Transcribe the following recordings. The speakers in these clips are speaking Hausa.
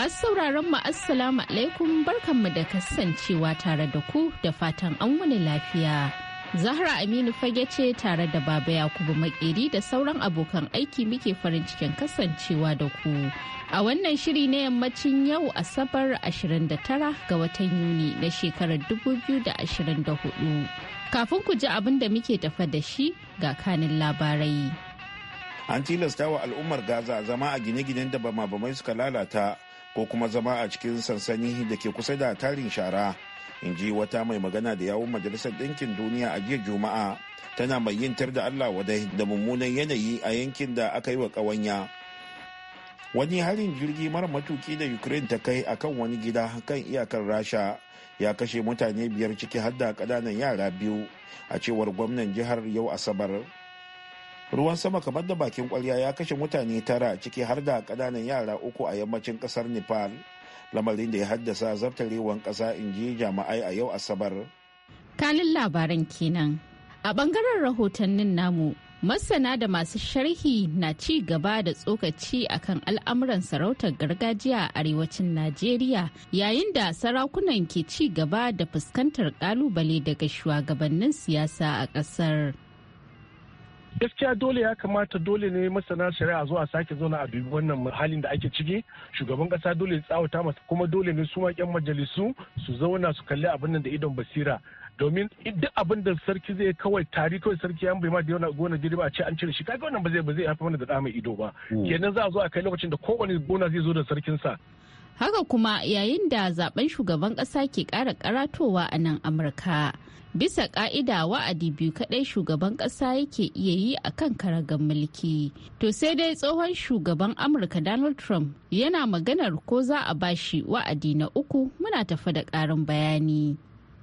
Masu sauraron mu Assalamu alaikum barkanmu da kasancewa tare da ku da fatan an wani lafiya. Zahra Aminu fage ce tare da Baba Yakubu Makeri da sauran abokan aiki muke farin cikin kasancewa da ku. A wannan shiri na yammacin yau Asabar 29 ga watan Yuni na shekarar 2024. Kafin ku ji abin da muke tafa da shi ga kanin labarai. An tilasta wa al'ummar Gaza zama a gine-ginen da bama-bamai suka lalata ko kuma zama a cikin sansani da ke kusa da tarin shara in ji wata mai magana da yawun majalisar ɗinkin duniya a jiya juma'a tana mai yin tar da allah wadai da mummunan yanayi a yankin da aka yi wa ƙawanya wani harin jirgi mara matuki da ukraine ta kai akan wani gida kan iyakar rasha ya kashe mutane biyar ciki har da ƙananan yara biyu a cewar gwamnan jihar yau asabar ruwan sama kamar da bakin kwarya ya kashe mutane tara ciki har da ƙananan yara uku a yammacin kasar nepal lamarin da ya haddasa zartarewan kasa in ji jama'ai a yau asabar kanin labaran kenan a bangaren rahotannin namu masana da masu sharhi na ci gaba da tsokaci akan al'amuran sarautar gargajiya a arewacin najeriya yayin da sarakunan ke ci gaba da fuskantar kalubale daga shugabannin siyasa a ƙasar. gaskiya dole ya kamata dole ne masana shari'a zuwa sake zauna a dubi wannan halin da ake ciki shugaban kasa dole ya tsawata masa kuma dole ne su ma yan majalisu su zauna su kalli abin da idon basira domin duk abin da sarki zai kawai tari kawai sarki ya bai ma da yana gona girbi a ce an cire shi kaga wannan ba zai ba zai haifar mana da da mai ido ba hmm. kenan za a zo a kai lokacin da kowane gona zai zo da sarkin sa haka kuma yayin da zaben shugaban ƙasa ke ƙara karatowa a nan amurka bisa ƙa'ida wa'adi biyu kaɗai shugaban ƙasa yake iya yi a kan karagar mulki to sai dai tsohon shugaban amurka donald trump yana maganar ko za a bashi wa'adi na uku muna tafa da ƙarin bayani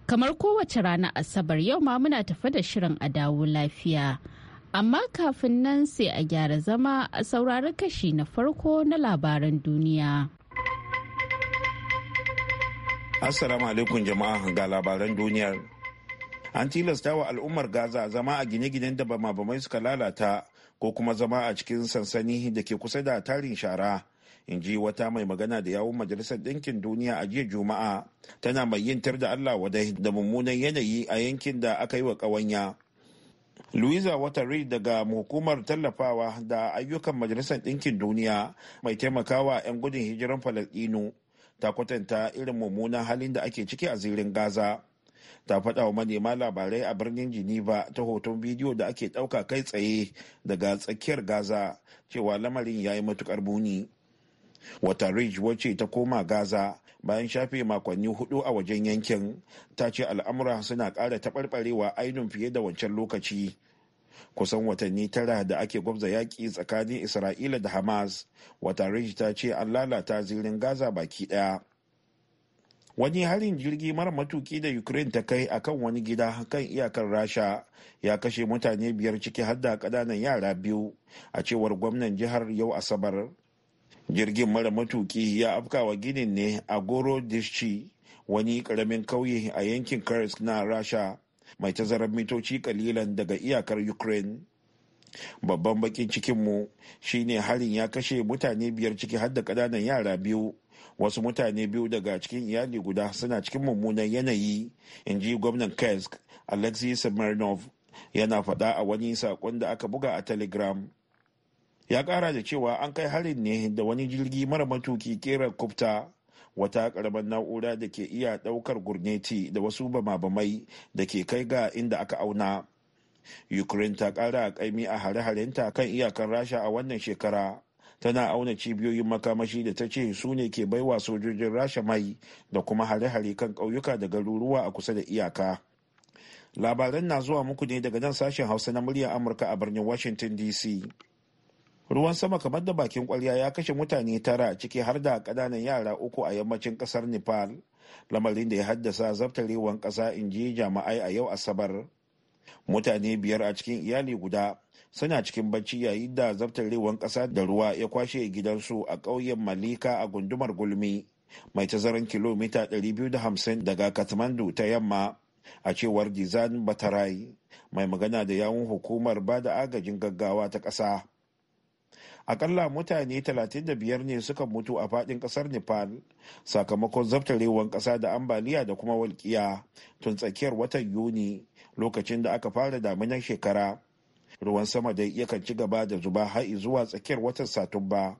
kamar kowace rana asabar yau ma muna tafa da shirin a dawo lafiya amma kafin nan sai a gyara zama a saurari kashi na farko na labaran duniya. Assalamu alaikum jama'a ga labaran duniyar. An tilasta wa al'ummar Gaza zama a gine-ginen da bama-bamai suka lalata ko kuma zama a cikin sansani da ke kusa da tarin shara. In ji wata mai magana da yawun Majalisar Ɗinkin Duniya a jiya Juma'a tana mai yin tar da Allah wadai da mummunan yanayi a yankin da aka yi wa ƙawanya. Louisa Watari daga hukumar tallafawa da ayyukan Majalisar Ɗinkin Duniya mai taimakawa 'yan gudun hijiran Falasɗinu. ta kwatanta irin mummunan halin da ake ciki a zirin gaza ta faɗa wa manema labarai a birnin geneva ta hoton bidiyo da ake ɗauka kai tsaye daga tsakiyar gaza cewa lamarin ya yi matukar buni wata ridge wacce ta koma gaza bayan shafe makonni hudu a wajen yankin ta ce al'amura suna ƙara taɓarɓarewa ainihin fiye da wancan lokaci kusan watanni tara da ake gwabza yaƙi tsakanin isra'ila da hamas wata watariji ta ce an lalata zirin gaza baki ɗaya wani harin jirgi mara matuki da ukraine ta kai akan wani gida kan iyakar rasha ya kashe mutane biyar ciki har da ƙananan yara biyu a cewar gwamnan jihar yau asabar jirgin mara matuki ya afkawa ginin ne a goro wani ƙaramin kauye a yankin kursk na rasha mai tazarar mitoci kalilan daga iyakar ukraine babban bakin cikinmu shine harin ya kashe mutane biyar ciki har da ƙananan yara biyu wasu mutane biyu daga cikin iyali guda suna cikin mummunan yanayi in ji gwamnan kesk alexei smirnov yana faɗa a wani saƙon da aka buga a telegram ya ƙara da cewa an kai harin ne da wani jirgi mara matuki kera kufta wata karamar na'ura da ke iya daukar gurneti da wasu bama-bamai da ke kai ga inda aka auna ukraine ta kara kaimi a hare-harenta kan iyakar rasha a wannan shekara tana auna cibiyoyin makamashi da ta ce su ne ke baiwa sojojin rasha mai da kuma hare-hare kan ƙauyuka da garuruwa a kusa da iyaka labaran na zuwa muku ne daga nan sashen hausa na muryar amurka a birnin washington dc ruwan sama kamar da bakin kwarya ya kashe mutane tara ciki har da ƙananan yara uku a yammacin kasar nepal lamarin da ya haddasa zabtarewan kasa in ji jama'ai a yau asabar mutane biyar a cikin iyali guda suna cikin bacci yayin da zabtarewan kasa da ruwa ya kwashe gidansu a ƙauyen malika a gundumar gulmi mai tazaran kilomita 250 daga kathmandu ta yamma a cewar dizan batarai mai magana da yawun hukumar ba da agajin gaggawa ta ƙasa akalla mutane 35 ne suka mutu a fadin kasar nepal sakamakon zaftarewar kasa da ambaliya da kuma walƙiya tun tsakiyar watan yuni lokacin da aka fara daminar shekara ruwan sama dai yakan ci gaba da zuba har zuwa tsakiyar watan satumba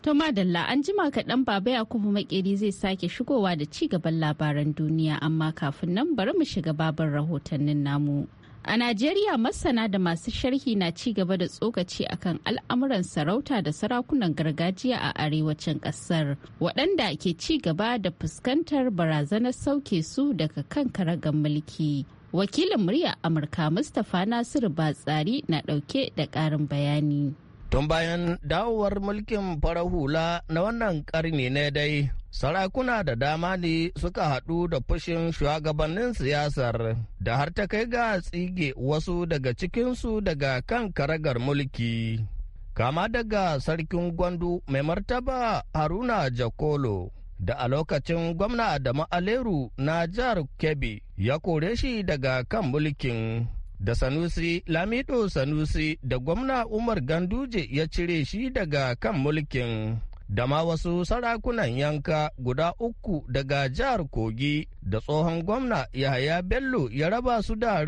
To Madalla an jima kaɗan baba Yakubu Makeri zai sake shigowa da ci gaban labaran duniya amma kafin nan bari mu shiga babar rahotannin namu. A Najeriya masana da masu sharhi na ci gaba da tsokaci akan al'amuran sarauta da sarakunan gargajiya a arewacin ƙasar, waɗanda ke ci gaba da fuskantar barazanar sauke su daga kan karagar mulki. Wakilin murya Amurka Mustapha Nasiru Batsari na ɗauke da ƙarin bayani. Tun bayan dawowar mulkin fara hula na wannan ƙarni ne dai Sarakuna da dama ne suka haɗu da fushin shugabannin siyasar da har ta kai ga tsige wasu daga cikinsu daga kan karagar mulki. Kama daga sarkin gwandu mai martaba Haruna Jakolo da a lokacin gwamna Adamu Aleru na jihar Kebbi ya kore shi daga kan mulkin. da Sanusi Lamido Sanusi da gwamna Umar Ganduje ya cire shi daga kan mulkin. da ma wasu sarakunan yanka guda uku daga jihar Kogi da tsohon gwamna Yahaya Bello ya raba su da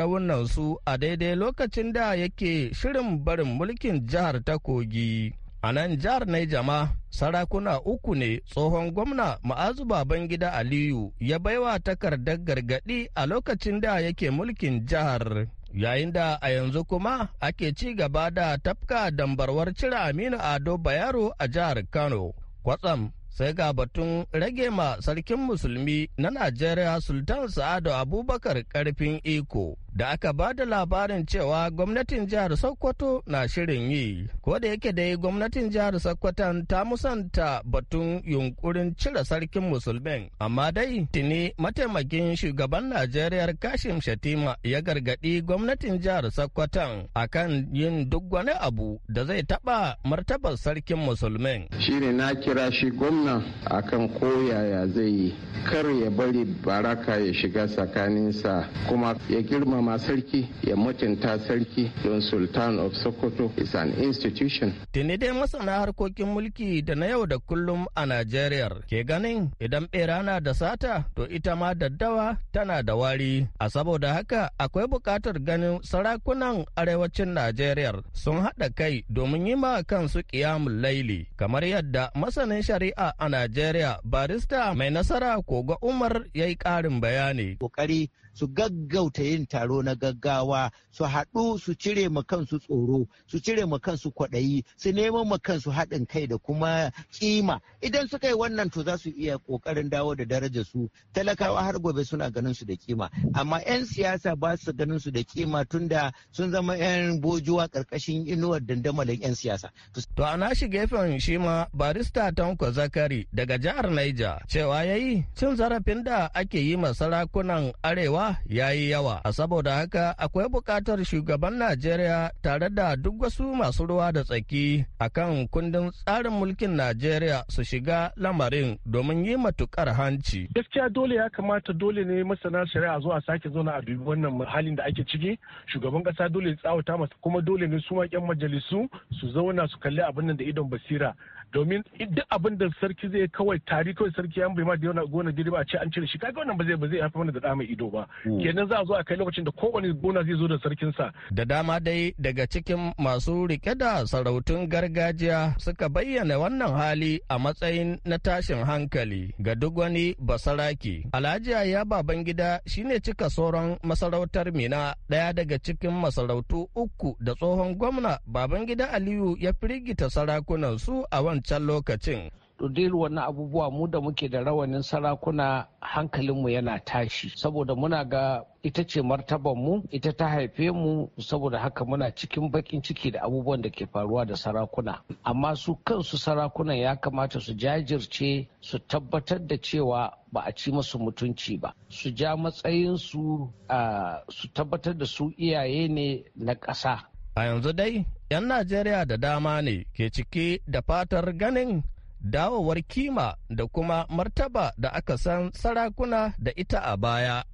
su a daidai lokacin da yake shirin barin mulkin jihar ta Kogi. A nan jihar Naijama sarakuna uku ne tsohon gwamna ma'azu Babangida Aliyu ya baiwa takardar gargadi a lokacin da yake mulkin jihar. yayin da a yanzu kuma ake ci gaba da tafka dambarwar cire aminu ado Bayero a jihar kano kwatsam sai ga batun rage ma sarkin musulmi na najeriya sultan sa'adu abubakar karfin iko da aka ba da labarin cewa gwamnatin jihar Sokoto na shirin yi. Ko da yake dai gwamnatin jihar sokoto ta musanta batun yunkurin cire sarkin musulmin, amma dai tuni mataimakin shugaban Najeriya Kashim Shatima ya gargadi gwamnatin jihar sokoto akan yin duk wani abu da zai taba martabar sarkin musulmin. Shi ne na kira shi gwamna akan koyaya zai yi, kar ya bari baraka ya shiga tsakaninsa kuma ya girma girmama sarki ya mutunta sarki don sultan of sokoto is an institution tuni dai masana harkokin mulki da na yau da kullum a najeriya ke ganin idan bera na da sata to ita ma daddawa tana da wari a saboda haka akwai bukatar ganin sarakunan arewacin najeriya sun haɗa kai domin yi ma kansu kiyamun laili kamar yadda masanin shari'a a najeriya barista mai nasara koga umar ya yi ƙarin bayani kokari su gaggauta yin taro na gaggawa su haɗu su cire ma kansu tsoro su cire ma kansu kwaɗayi su nemo ma kansu haɗin kai da kuma kima idan suka yi wannan to za su iya ƙoƙarin dawo da darajar su talakawa har gobe suna ganin su da kima amma 'yan siyasa ba su ganin su da kima tunda sun zama 'yan bojuwa ƙarƙashin inuwar dandamalin 'yan siyasa. To ana nashi gefen shi ma barista Tanko Zakari daga jihar Naija cewa yayi cin zarafin da ake yi ma sarakunan arewa kuwa ya yi yawa a saboda haka akwai buƙatar shugaban najeriya tare da duk wasu masu ruwa da tsaki a kan kundin tsarin mulkin najeriya su shiga lamarin domin yi matukar hanci gaskiya dole ya kamata dole ne masana shari'a zuwa sake zauna a dubi wannan halin da ake ciki shugaban kasa dole ya tsawata masa kuma dole ne su ma majalisu su zauna su kalli abin da idon basira domin duk abin da sarki zai kawai tari kawai sarki ya bai ma da yana gona ba a ce an cire shi kaga wannan ba zai ba zai haifa mana da da ido ba hmm. kenan za a zo a kai lokacin da kowane gona zai zo da sarkin sa da dama dai daga cikin masu rike da sarautun gargajiya suka bayyana wannan hali a matsayin na tashin hankali ga duk wani basaraki alhaji ya baban gida shine cika sauran masarautar mina daya daga cikin masarautu uku da tsohon gwamna baban gida aliyu ya firgita sarakunan su a wan wancan lokacin. to duk wannan abubuwa mu da muke da rawanin sarakuna hankalinmu yana tashi saboda muna ga ita ce martabanmu ita ta haife mu saboda haka muna cikin bakin ciki da abubuwan da ke faruwa da sarakuna amma su kansu sarakunan ya kamata su jajirce su tabbatar da cewa ba a ci masu mutunci ba su ja matsayinsu ah, su tabbatar da su iyaye ne na ƙasa a yanzu dai 'yan Najeriya da dama ne ke cike da fatar ganin dawowar kima da kuma martaba da aka san sarakuna da ita a baya.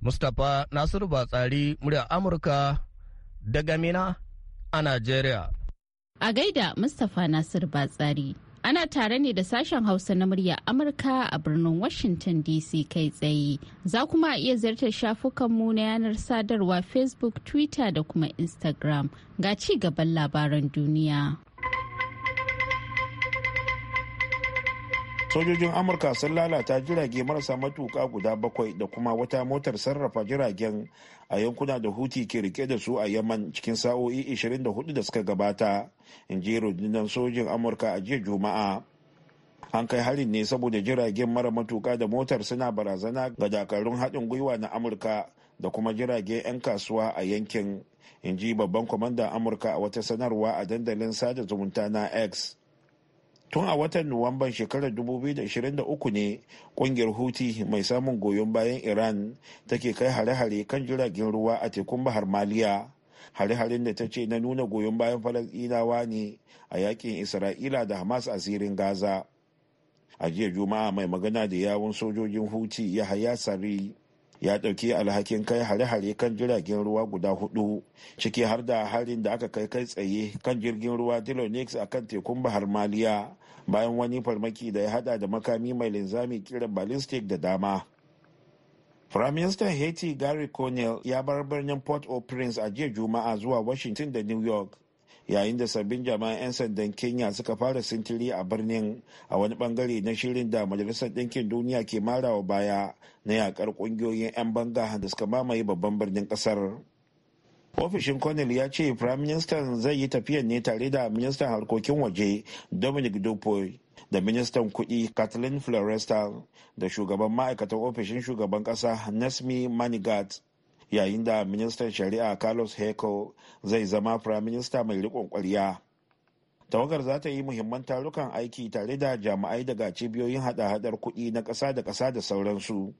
Mustapha Nasiru Batsari murya Amurka daga Mina a Najeriya. A gaida Mustapha Nasiru Batsari. Ana tare ne da sashen Hausa na murya Amurka a birnin Washington DC kai tsaye. Za kuma a iya ziyartar shafukanmu na yanar sadarwa Facebook, Twitter da kuma Instagram. Ga ci gaban labaran duniya. Sojojin Amurka sun lalata jirage marasa matuka guda bakwai da kuma wata motar sarrafa jiragen a yankuna da huti ke rike da su a yaman cikin sa'o'i 24 da suka gabata in ji rundunar sojin amurka a jiya juma'a an kai harin ne saboda jiragen mara matuka da motar suna barazana ga dakarun haɗin gwiwa na amurka da kuma jiragen 'yan kasuwa a yankin in ji babban kwamandan amurka a wata sanarwa a dandalin sada zumunta na x tun a watan nuwamban shekarar 2023 ne kungiyar huti mai samun goyon bayan iran take kai hare-hare kan jiragen ruwa a tekun bahar maliya hare-haren da ta ce na nuna goyon bayan falasɗinawa ne a yakin isra'ila da hamas a zirin gaza a jiya juma'a mai magana da yawun sojojin huti ya haya sari ya ɗauki alhakin kai hare-hare kan jiragen ruwa guda hudu ciki har da harin da aka kai kai tsaye kan jirgin ruwa dilonix a kan tekun bahar maliya bayan wani farmaki da ya hada da makami mai linzami kiran ballistic da dama Firaministan Haiti Gary Conil ya bar birnin Port-au-Prince a jiya Juma'a zuwa Washington da New York yayin da sabbin jama'an 'yan sandan Kenya suka fara sintiri a birnin a wani bangare na shirin da Majalisar Ɗinkin Duniya ke marawa baya na yakar kungiyoyin 'yan banga da suka mamaye babban birnin kasar ofishin cornell ya ce prime minister zai yi tafiyan ne tare da ministan harkokin waje dominic dupoy da ministan kudi kathleen floresta da shugaban ma'aikatan ofishin shugaban kasa nasmi manigat yayin da ministan shari'a carlos heco zai zama prime minister mai riƙon ƙwarya tawagar za ta yi muhimman tarukan aiki tare da jami'ai daga cibiyoyin hada-hadar kuɗi na ƙasa da ƙasa da sauransu.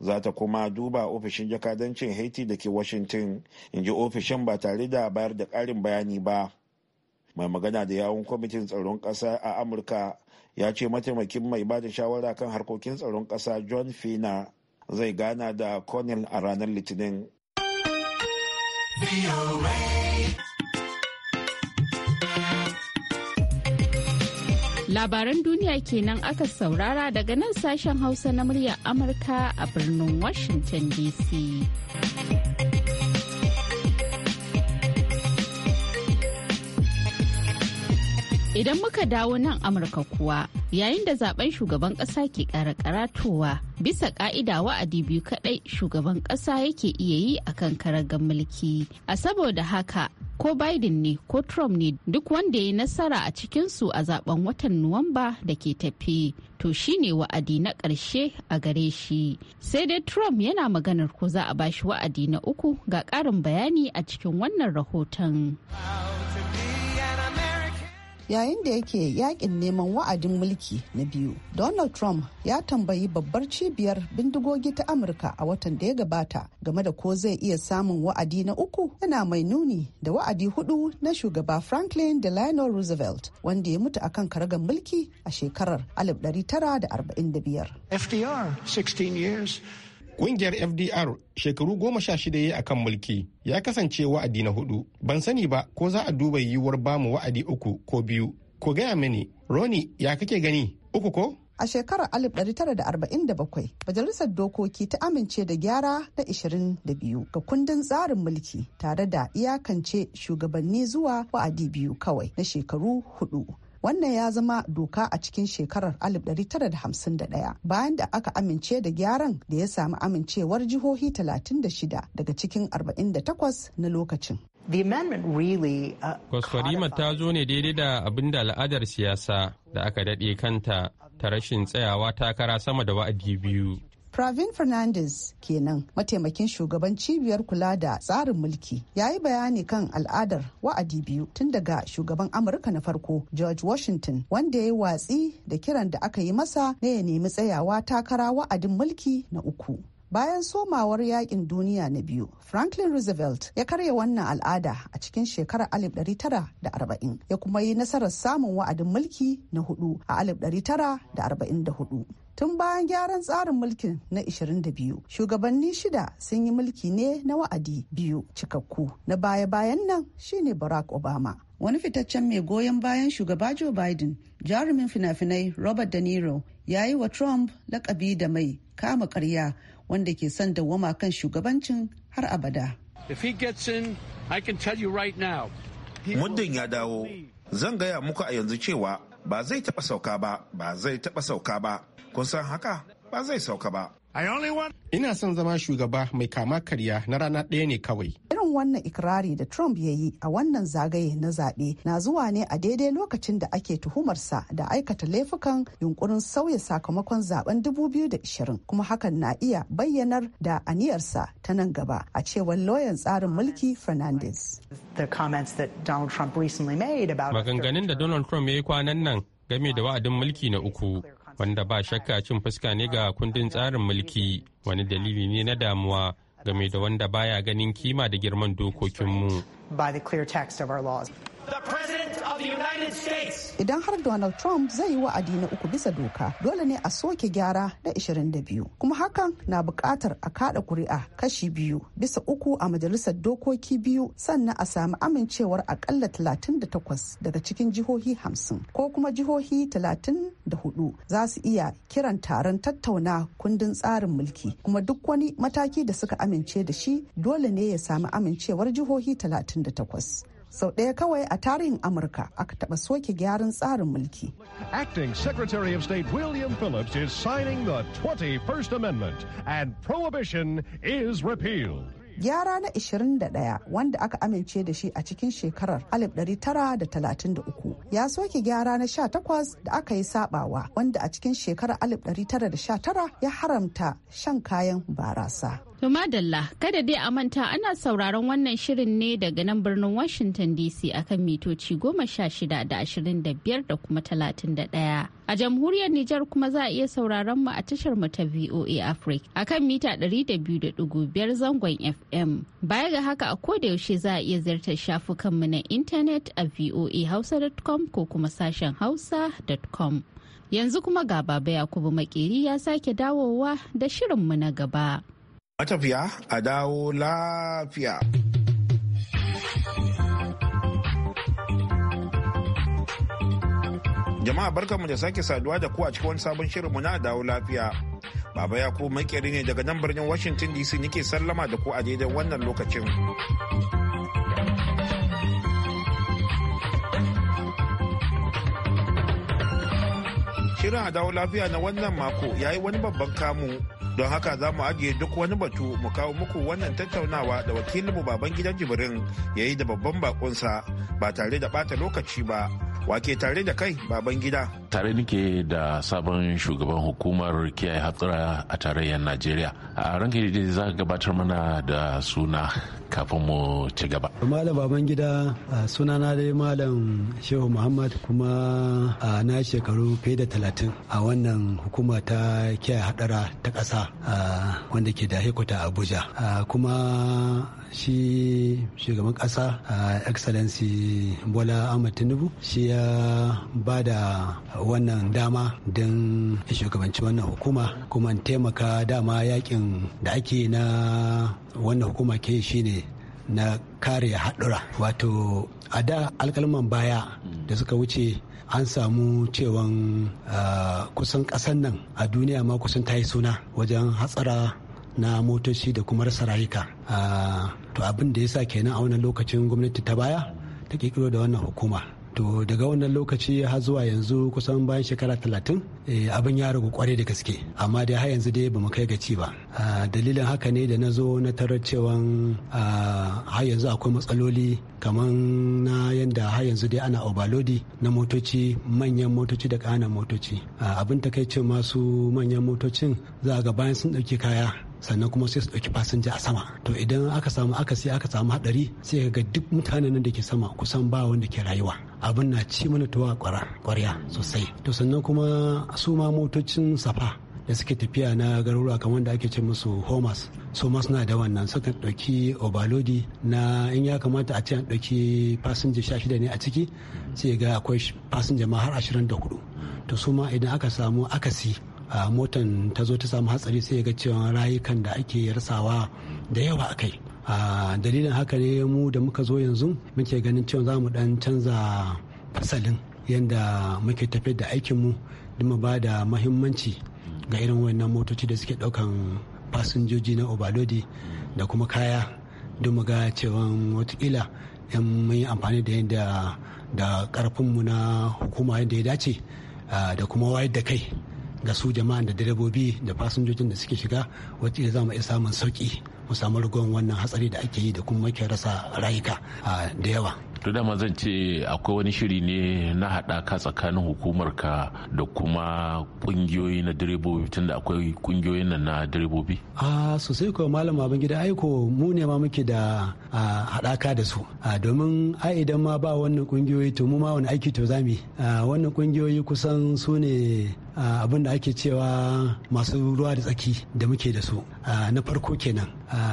za ta kuma duba ofishin jakadancin haiti da ke washington in ji ofishin ba tare da bayar da ƙarin bayani ba mai magana da yawun kwamitin tsaron ƙasa a amurka ya ce mataimakin mai ba da shawara kan harkokin tsaron ƙasa john fina zai gana da cornell a ranar litinin Labaran duniya kenan aka saurara daga nan sashen Hausa na muryar Amurka a birnin Washington DC. Idan muka dawo nan Amurka kuwa. yayin da zaben shugaban kasa ke kara karatowa bisa ka'ida wa'adi biyu kadai shugaban kasa yake iya yi a kan karagar mulki a saboda haka ko biden ne ko trump ne duk wanda ya yi nasara a cikinsu a zaben watan nuwamba da ke tafi to shine wa'adi na karshe a gare shi sai dai trump yana maganar ko za a bashi wa'adi na uku ga karin bayani a cikin wannan rahoton. yayin da yake yakin neman wa'adin mulki na biyu donald trump ya tambayi babbar cibiyar bindigogi ta amurka a watan da ya gabata game da ko zai iya samun wa'adi na uku yana mai nuni da wa'adi hudu na shugaba franklin delano roosevelt wanda ya mutu akan karagar mulki a shekarar 1945 fdr 16 years Ƙungiyar FDR shekaru goma sha shida ya akan mulki ya kasance wa'adi na hudu. Ban sani ba ko za a duba yiwuwar bamu wa'adi uku ko biyu. Ko gaya mini, Roni ya kake gani? Uku ko? A shekarar 1947, Majalisar Dokoki ta amince da gyara na 22 ga kundin tsarin mulki tare da iyakance shugabanni zuwa wa'adi biyu kawai na shekaru hudu. wannan ya zama doka a cikin shekarar 1951 bayan da aka amince da gyaran da ya sami amincewar jihohi 36 daga cikin 48 na lokacin uh, Kwaskwarima ta zo ne daidai da abin da al'adar siyasa da aka daɗe kanta ta rashin tsayawa takara sama da wa'adi biyu. Pravin Fernandez kenan mataimakin shugaban cibiyar kula da tsarin mulki ya yi bayani kan al'adar wa'adi biyu tun daga shugaban Amurka na farko George Washington wanda ya yi watsi da kiran da aka yi masa na ya nemi tsayawa takara wa'adin mulki na uku. Bayan somawar yakin duniya na biyu, Franklin Roosevelt ya karya wannan al'ada a cikin shekarar 1940 ya kuma yi nasarar samun wa'adin mulki na hudu a 1944. Tun bayan gyaran tsarin mulkin na 22, shugabanni shida sun yi mulki ne na wa'adi biyu cikakku na baya-bayan nan shine Barack Obama. Wani fitaccen mai goyon bayan shugaba Joe Biden, jarumin fina-finai Robert De Niro, ya yi wa Trump lakabi da mai kama karya wanda ke son dawwama kan shugabancin har abada. Muddin ya dawo, zan gaya muku a yanzu cewa ba zai taɓa sauka ba, ba zai taɓa sauka ba. Kun san haka? ba zai sauka ba. Ina son zama shugaba mai kama karya na rana ɗaya ne kawai. Irin wannan ikirari da Trump ya yi a wannan zagaye na zaɓe na zuwa ne a daidai lokacin da ake tuhumarsa da aikata laifukan yunkurin sauya sakamakon zaben 2020 kuma hakan na iya bayyanar da aniyarsa ta nan gaba a cewar loyan tsarin mulki Fernandez. Maganganun da Donald Trump ya yi kwanan nan game da wa'adin mulki na uku wanda ba shakka cin fuska ne ga kundin tsarin mulki wani dalili ne na damuwa game da wanda baya ganin kima da girman dokokinmu. Idan har Donald Trump zai yi wa'adi na uku bisa doka, dole ne a soke gyara na 22. Kuma hakan na bukatar a kada kuri'a kashi biyu bisa uku a majalisar dokoki biyu sannan a sami amincewar akalla 38 daga cikin jihohi 50 ko kuma jihohi 34 za su iya kiran taron tattauna kundin tsarin mulki kuma duk wani mataki da suka amince da shi dole ne ya sami amincewar jihohi 38. sau ɗaya kawai a tarihin amurka aka taɓa soke gyaran tsarin mulki acting secretary of state william phillips is signing the 21st amendment and prohibition is repealed gyara na 21 wanda aka amince da shi a cikin shekarar 1933 ya soke gyara na 18 da aka yi sabawa wanda a cikin shekarar 1919 ya haramta shan kayan barasa To Madalla, kada dai a manta ana sauraron wannan shirin ne daga nan birnin Washington DC akan mitoci goma sha shida da ashirin da biyar da kuma talatin da ɗaya. A jamhuriyar Nijar kuma za a iya sauraron mu a tashar mu ta VOA Africa akan mita ɗari da biyu da ɗigo biyar zangon FM. Baya ga haka a koda yaushe za a iya ziyartar shafukan mu na intanet a voahausa.com ko kuma sashen hausa.com. Yanzu kuma ga baba Yakubu Makeri ya sake dawowa da shirin mu na gaba. matafiya a dawo lafiya. Jama'a barkanmu da sake saduwa da ku a cikin wani sabon shirinmu na dawo lafiya. Baba yaku makeri ne daga nan birnin Washington DC nike sallama da ku a daidai wannan lokacin. Shirin a dawo lafiya na wannan mako ya yi wani babban kamu don haka za mu ajiye duk wani batu mu kawo muku wannan tattaunawa da wakilinmu baban gidan jibrin ya yi da babban bakonsa ba tare da bata lokaci ba wake tare da kai baban gida tare nike da sabon shugaban hukumar kiyaye hatsura a tarayyar najeriya a ranke da za ka gabatar mana da suna kafin mu ci gaba malam baban gida suna na dai malam shehu muhammad kuma na shekaru fiye da talatin a wannan hukuma ta kiyaye hadara ta ƙasa wanda ke da hekuta abuja kuma shi shugaban ƙasa excellency bola ahmad tinubu shi ya ba da wannan dama don shugabanci wannan hukuma kuma taimaka dama yakin da ake na wannan hukuma ke shine na kare haɗura wato a da alkalman baya da suka wuce an samu cewan kusan ƙasan nan a duniya ma kusan ta yi suna wajen hatsara na motoci da kuma rasa rayuka to abin da ya sa kenan a wannan lokacin gwamnati ta baya ta ƙirƙiro da wannan hukuma to daga wannan lokaci har zuwa yanzu kusan bayan shekara talatin eh, abin ya ragu kwarai da gaske amma dai har yanzu dai bamu kai gaci ba dalilin haka ne da na zo na tarar cewa har yanzu akwai matsaloli kamar na yadda har yanzu dai ana obalodi na motoci manyan motoci da ƙananan motoci abin takaicin masu manyan motocin za ga bayan sun ɗauki kaya sannan kuma sai su ɗauki fasinja a sama to idan aka samu aka sai aka samu hadari sai ka ga duk mutanen da ke sama kusan ba wanda ke rayuwa abin na ci mana tuwa kwarya sosai to sannan kuma su ma motocin safa da suke tafiya na garuruwa kamar da ake ce musu homers su ma suna da wannan suka ɗauki obalodi na in ya kamata a ce an ɗauki fasinja sha shida ne a ciki sai ga akwai fasinja ma har ashirin da hudu to su ma idan aka samu akasi motan ta zo ta samu hatsari sai ga cewa rayukan da ake rasawa da yawa a kai dalilin haka ne mu da muka zo yanzu muke ganin cewa za mu dan canza fasalin yadda muke tafiyar da aikinmu mu ba da mahimmanci ga irin wannan motoci da suke daukan fasinjoji na obalodi da kuma kaya don mu ga cewa watakila yan yi amfani da yadda da karfinmu na hukuma yadda ya dace da kuma wayar da kai ga su jama'an da direbobi da fasinjojin da suke shiga wacce za mu iya samun sauki mu samu rigon wannan hatsari da ake yi da kuma muke rasa rayuka da yawa to dama zan ce akwai wani shiri ne na ka tsakanin hukumar ka da kuma ƙungiyoyi na direbobi tun da akwai ƙungiyoyin nan na direbobi a sosai ko malam abin gida aiko mu ne ma muke da haɗaka da su domin a idan ma ba wannan ƙungiyoyi to mu ma wani aiki to zami wannan ƙungiyoyi kusan su ne abin da ake cewa masu ruwa da tsaki da muke da su na farko kenan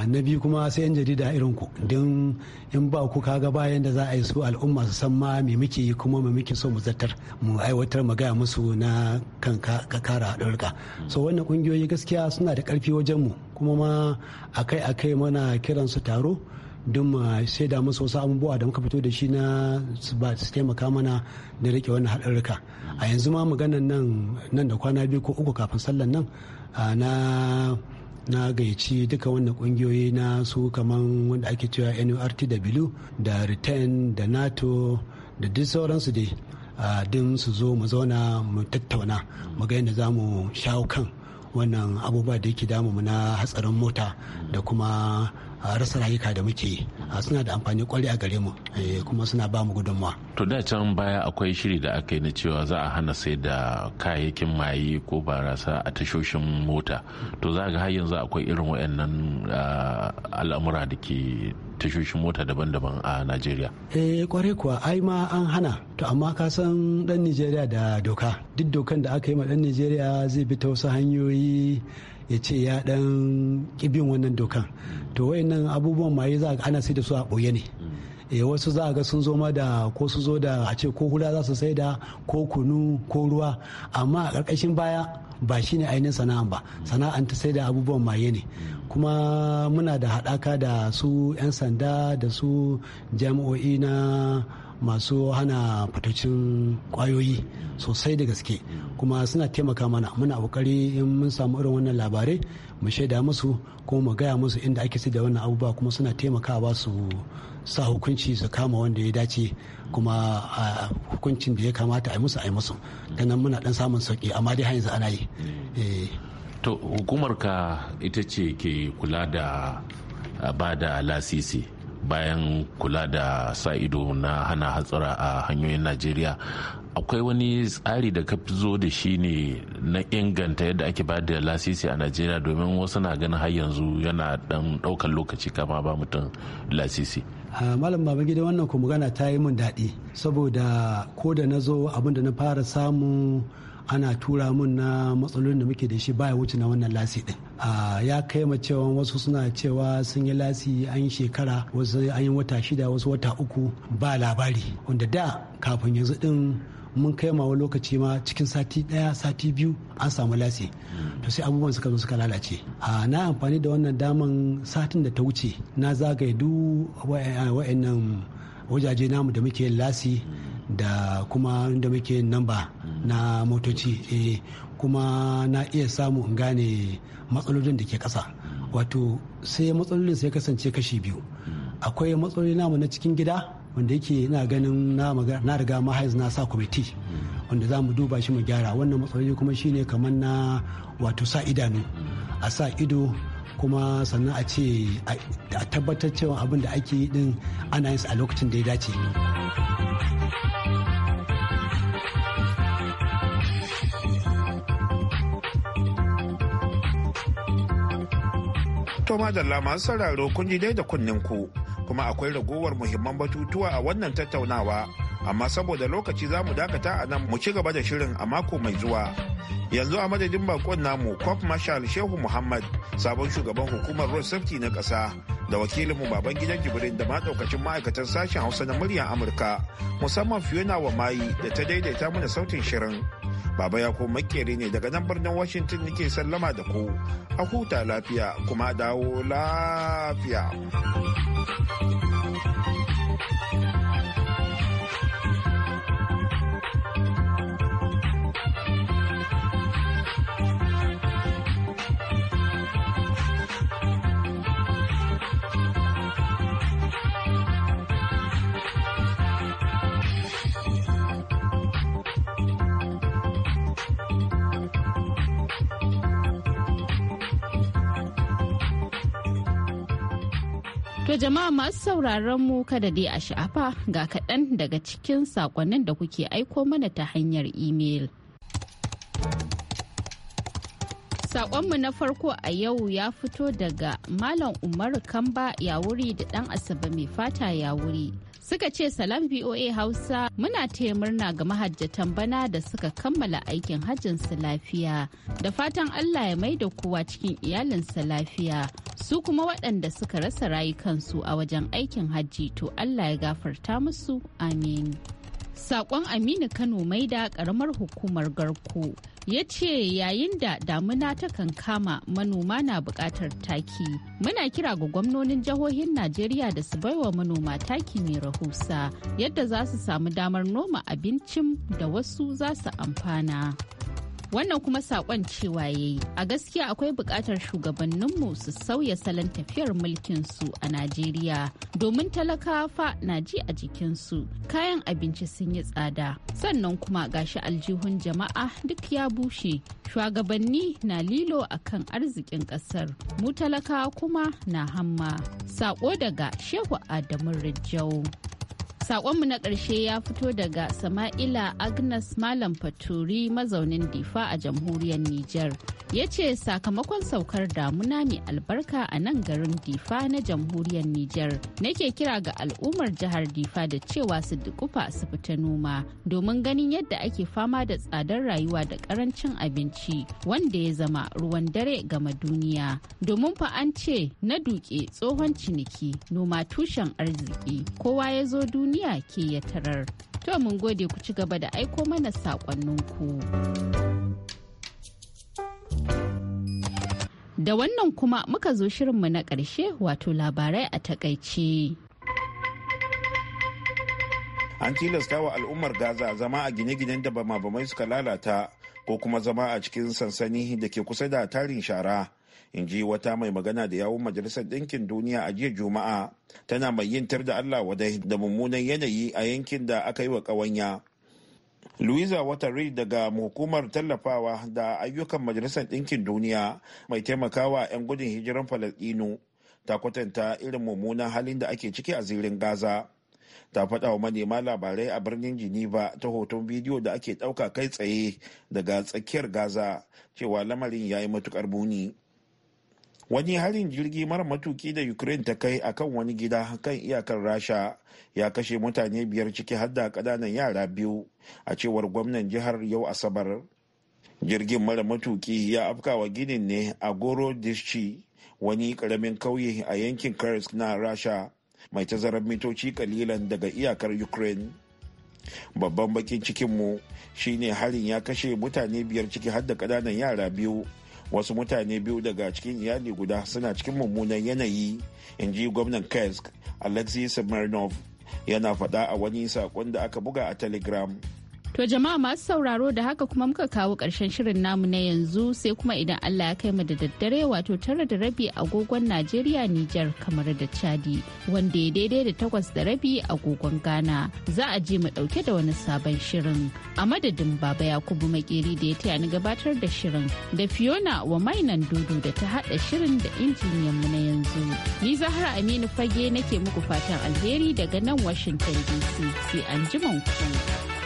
na biyu kuma sai 'yan jarida irin ku don in ba ku kaga bayan da za a yi su al'umma su san ma me muke yi kuma me muke so mu zartar mu aiwatar mu gaya musu na kan kara haɗarka so wannan kungiyoyi gaskiya suna da ƙarfi wajen mu kuma ma akai-akai mana kiransu taro don sai da musu wasu abubuwa da muka fito da shi na su ba su taimaka mana da rike wannan haɗarurruka a yanzu ma maganan nan nan da kwana biyu ko uku kafin sallan nan na na gayyaci duka wannan kungiyoyi na su kaman wanda ake cewa nurtw da return da nato da duk sauransu dai din su zo mu zauna mu tattauna mu ga yadda za mu shawo kan wannan abubuwa da yake damu na hatsarin mota da kuma rasa rayuka da muke suna da amfani kwarai a gare mu eh, kuma suna ba mu gudunmawa. to da can baya akwai shiri da aka yi na cewa za a hana sai da kayayyakin maye ko barasa a tashoshin mota to za ga har yanzu akwai irin wayannan ah, al'amura da ke tashoshin mota daban-daban a Najeriya. Eh kwarai kuwa ai ma an hana to amma ka san dan nigeria da doka duk dokan da aka yi ma dan Najeriya zai bi ta wasu hanyoyi ya ce ya dan kibin wannan dokan to wayannan abubuwan maye za ana sai da su a boye ne e wasu za a ga sun zo ma da ko su zo da a ce ko hula za su sai da ko kunu ko ruwa amma a ƙarƙashin baya ba shi ne ainihin sana'a ba sana'an ta sai da abubuwan maye ne kuma muna da haɗaka da su 'yan sanda da su jami'o'i na masu hana fitaccen kwayoyi sosai da gaske kuma suna taimaka mana muna kokari in mun samu irin wannan labarai mu shaida musu kuma mu gaya musu inda ake sai da wannan abubuwa kuma suna taimakawa su sa hukunci su kama wanda ya dace kuma hukuncin da ya kamata a yi musu a musu ta muna dan samun sauki amma dai hanyar yanzu ana yi eh. to hukumar ka ita ce ke kula da ba da lasisi bayan kula da sa ido na hana hatsara a hanyoyin najeriya akwai wani tsari da ka zo da shi ne na inganta yadda ake ba da lasisi a najeriya domin wasu na ganin har yanzu yana dan daukan lokaci kama ba mutum lasisi malam baba gida wannan ku magana ta yi min daɗi saboda ko da na zo abin da na fara samu ana tura mun na matsalolin da muke da shi baya wuce na wannan lasi din ya kai ma cewa wasu suna cewa sun yi lasi an yi shekara wasu an yi wata shida wasu wata uku ba labari wanda da kafin yanzu din mun kai ma wani lokaci ma cikin sati daya sati biyu an samu lasi to sai abubuwan suka zo suka lalace na amfani da wannan daman satin da ta wuce na zagaye duk wa'annan wajaje namu da muke lasi da kuma da muke namba na motoci eh kuma na iya samu in gane matsalolin da ke ƙasa wato sai matsalolin sai kasance kashi biyu akwai matsaloli namu na cikin gida wanda yake na ganin na riga mahaiz na sa kwamiti wanda za mu duba shi mu gyara wannan matsaloli kuma shine kamar na wato sa idanu a sa ido kuma sannan a ce a tabbatar cewa abin da ake yi din ana yin a lokacin da ya dace. To madalla masu sauraro kun ji dai da kunnen ku kuma akwai ragowar muhimman batutuwa a wannan tattaunawa amma saboda lokaci za mu dakata a nan mu ci gaba da shirin a mako mai zuwa. Yanzu a madadin bakon namu Cop Marshal Shehu Muhammad sabon shugaban hukumar Road Safety na ƙasa da wakilinmu baban gidan Jibrin da maɗaukacin ma'aikatan sashen Hausa na muryar Amurka musamman Fiona wa Mayi da ta daidaita mana sautin shirin. Baba ya ko ne daga nan birnin Washington nake sallama da ku. A huta lafiya kuma dawo lafiya. jama'a masu sauraron mu kada dai a sha'afa ga kaɗan daga cikin sakonnin da kuke aiko mana ta hanyar imel. Sakonmu na farko a yau ya fito daga Malam Umaru Kamba yawuri da ɗan Asabe mai fata yawuri. wuri suka ce salam voa hausa muna taya murna ga mahajjatan bana da suka kammala aikin hajjinsu lafiya da fatan allah ya mai da kowa cikin iyalinsa lafiya su kuma waɗanda suka rasa rayukansu a wajen aikin hajji to allah ya gafarta musu amin Sakon Aminu Kano mai da karamar hukumar Garko ya ce yayin da damuna ta kan kama manoma na buƙatar taki. Muna kira ga gwamnonin jihohin Najeriya da su baiwa manoma taki mai rahusa yadda za su samu damar noma abincin da wasu za su amfana. wannan kuma sakon cewa ya yi a gaskiya akwai buƙatar shugabanninmu su sauya salon tafiyar mulkin su a najeriya domin talakawa fa na ji a jikin su kayan abinci sun yi tsada sannan kuma gashi aljihun jama'a duk ya bushe shugabanni na lilo a kan arzikin ƙasar mu talakawa kuma na hamma sako daga shehu adamu rijau Sakonmu na ƙarshe ya fito daga Sama'ila Agnes Malam Faturi mazaunin Difa a jamhuriyar Nijar. ya ce sakamakon saukar damuna mai albarka a nan garin difa na jamhuriyar niger nake kira ga al'ummar jihar difa da cewa su dukufa su fita noma domin ganin yadda ake fama da tsadar rayuwa da karancin abinci wanda ya zama ruwan dare gama duniya domin fa an ce na duke tsohon ciniki noma tushen arziki kowa ya zo duniya ke ya tarar to mun gode ku ci gaba da aiko mana saƙonninku. ku Da wannan kuma muka zo shirinmu na ƙarshe wato labarai a takaice. An tilasta wa al'ummar Gaza zama a gine-ginen da bama-bamai suka lalata ko kuma zama a cikin sansani da ke kusa da tarin shara. In ji wata mai magana da yawun Majalisar Ɗinkin Duniya a jiya Juma'a tana mai yin tar da Allah wadai da mummunan yanayi a yankin da aka yi wa ƙawanya. Louisa Waterridge daga hukumar tallafawa da ayyukan Majalisar Ɗinkin Duniya mai taimakawa 'yan gudun hijiran Falasɗinu ta kwatanta irin mummunan halin da ake ciki a zirin Gaza. Ta faɗa wa manema labarai a birnin Geneva ta hoton bidiyo da ake ɗauka kai tsaye daga tsakiyar Gaza cewa lamarin ya yi matuƙar buni. wani harin jirgi mara matuki da ukraine ta kai a kan wani gida kan iyakar rasha ya kashe mutane biyar ciki har da kananan yara biyu a cewar gwamnan jihar yau asabar jirgin mara matuki ya afkawa ginin ne a goro wani karamin kauye a yankin kursk na rasha mai tazarar mitoci kalilan daga iyakar ukraine babban bakin cikinmu shine harin ya kashe mutane biyar ciki har da kananan yara biyu wasu mutane biyu daga cikin iyali guda suna cikin mummunan yanayi in ji gwamnan kesk alexis smirnov yana faɗa a wani saƙon da aka buga a telegram To jama'a masu sauraro da haka kuma muka kawo ƙarshen shirin namu na yanzu sai kuma idan Allah ya kai mu da daddare wato tara da rabi agogon Najeriya Nijar kamar da Chadi wanda ya daidai da takwas da rabi agogon Ghana za a je mu ɗauke da wani sabon shirin. A madadin Baba Yakubu Makeri da ya taya ni gabatar da shirin da Fiona wa mainan dudu da ta haɗa shirin da injiniyan mu na yanzu. Ni Zahra Aminu Fage nake muku fatan alheri daga nan Washington DC sai an ku.